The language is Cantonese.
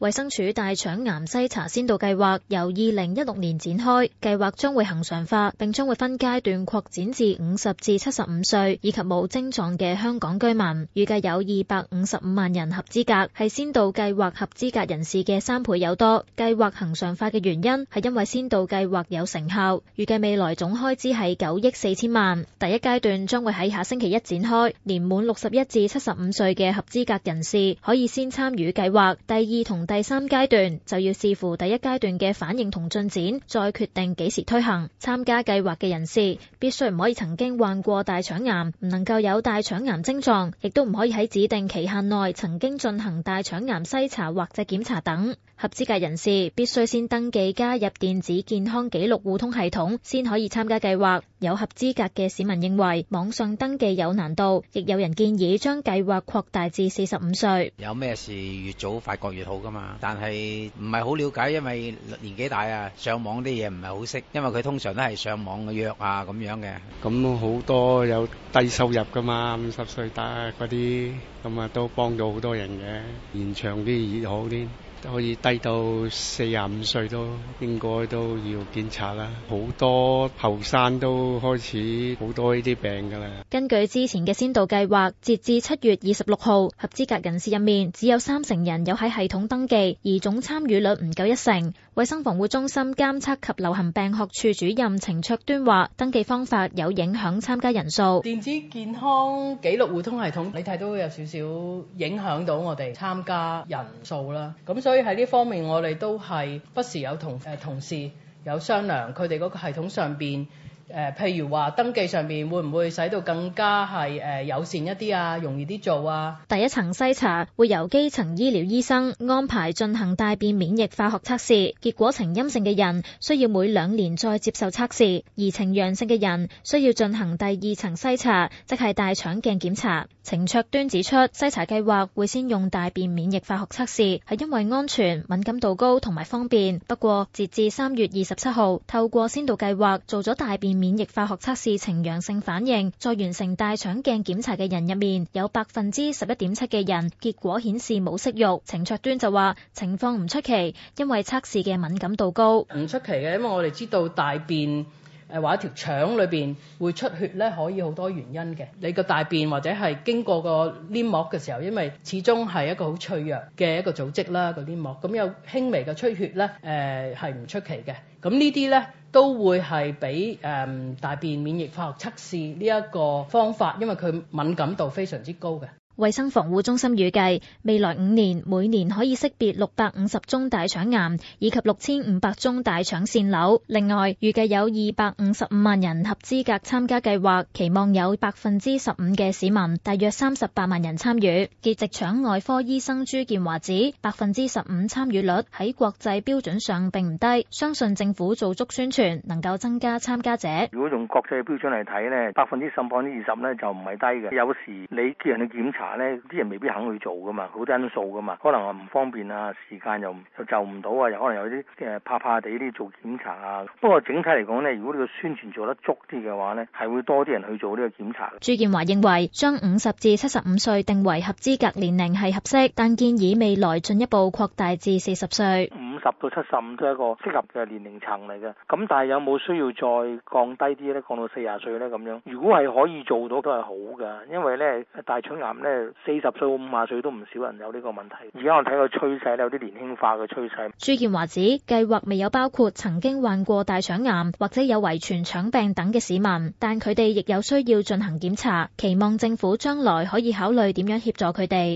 衛生署大腸癌篩查先導計劃由二零一六年展開，計劃將會恆常化，並將會分階段擴展至五十至七十五歲以及冇症狀嘅香港居民。預計有二百五十五萬人合資格，係先導計劃合資格人士嘅三倍有多。計劃恆常化嘅原因係因為先導計劃有成效，預計未來總開支係九億四千萬。第一階段將會喺下星期一展開，年滿六十一至七十五歲嘅合資格人士可以先參與計劃。第二同第三階段就要視乎第一階段嘅反應同進展，再決定幾時推行。參加計劃嘅人士必須唔可以曾經患過大腸癌，唔能夠有大腸癌症狀，亦都唔可以喺指定期限內曾經進行大腸癌篩查或者檢查等。合資格人士必須先登記加入電子健康記錄互通系統，先可以參加計劃。有合資格嘅市民認為網上登記有難度，亦有人建議將計劃擴大至四十五歲。有咩事越早發覺越，越好㗎嘛？但係唔係好了解，因為年紀大啊，上網啲嘢唔係好識。因為佢通常都係上網嘅約啊咁樣嘅。咁好多有低收入㗎嘛，五十歲得嗰啲，咁啊都幫到好多人嘅，延長啲熱好啲。可以低到四十五歲都應該都要檢查啦，好多後生都開始好多呢啲病㗎啦。根據之前嘅先導計劃，截至七月二十六號，合資格人士入面只有三成人有喺系統登記，而總參與率唔夠一成。衛生防護中心監測及流行病學處主任程卓端話，登記方法有影響參加人數，電子健康紀錄互通系統你睇都有少少影響到我哋參加人數啦。咁所以喺呢方面，我哋都係不時有同誒、呃、同事有商量，佢哋嗰個系統上邊。誒，譬如話登記上面會唔會使到更加係誒友善一啲啊，容易啲做啊？第一層篩查會由基層醫療醫生安排進行大便免疫化學測試，結果呈陰性嘅人需要每兩年再接受測試，而呈陽性嘅人需要進行第二層篩查，即係大腸鏡檢查。程卓端指出，篩查計劃會先用大便免疫化學測試，係因為安全、敏感度高同埋方便。不過，截至三月二十七號，透過先導計劃做咗大便。免疫化學測試呈陽性反應，再完成大腸鏡檢查嘅人入面，有百分之十一點七嘅人結果顯示冇息肉。程卓端就話情況唔出奇，因為測試嘅敏感度高，唔出奇嘅，因為我哋知道大便。誒或者條腸裏邊會出血咧，可以好多原因嘅。你個大便或者係經過個黏膜嘅時候，因為始終係一個好脆弱嘅一個組織啦，個黏膜。咁有輕微嘅出血咧，誒係唔出奇嘅。咁呢啲咧都會係俾誒大便免疫化學測試呢一個方法，因為佢敏感度非常之高嘅。衛生防護中心預計未來五年，每年可以識別六百五十宗大腸癌，以及六千五百宗大腸腺瘤。另外，預計有二百五十五萬人合資格參加計劃，期望有百分之十五嘅市民，大約三十八萬人參與。結直腸外科醫生朱建華指，百分之十五參與率喺國際標準上並唔低，相信政府做足宣傳，能夠增加參加者。如果用國際嘅標準嚟睇呢，百分之十、百分之二十咧就唔係低嘅。有時你叫人去檢查。嗱咧，啲人未必肯去做㗎嘛，好多因素㗎嘛，可能話唔方便啊，時間又就唔到啊，又可能有啲即係怕怕哋啲做檢查啊。不過整體嚟講咧，如果你個宣傳做得足啲嘅話咧，係會多啲人去做呢個檢查。朱建華認為，將五十至七十五歲定為合資格年齡係合適，但建議未來進一步擴大至四十歲。十到七十五都係一個適合嘅年齡層嚟嘅，咁但係有冇需要再降低啲咧？降到四十歲咧咁樣？如果係可以做到都係好㗎，因為咧大腸癌咧四十歲到五十歲都唔少人有呢個問題。而家我睇個趨勢有啲年輕化嘅趨勢。朱建華指計劃未有包括曾經患過大腸癌或者有遺傳腸病等嘅市民，但佢哋亦有需要進行檢查，期望政府將來可以考慮點樣協助佢哋。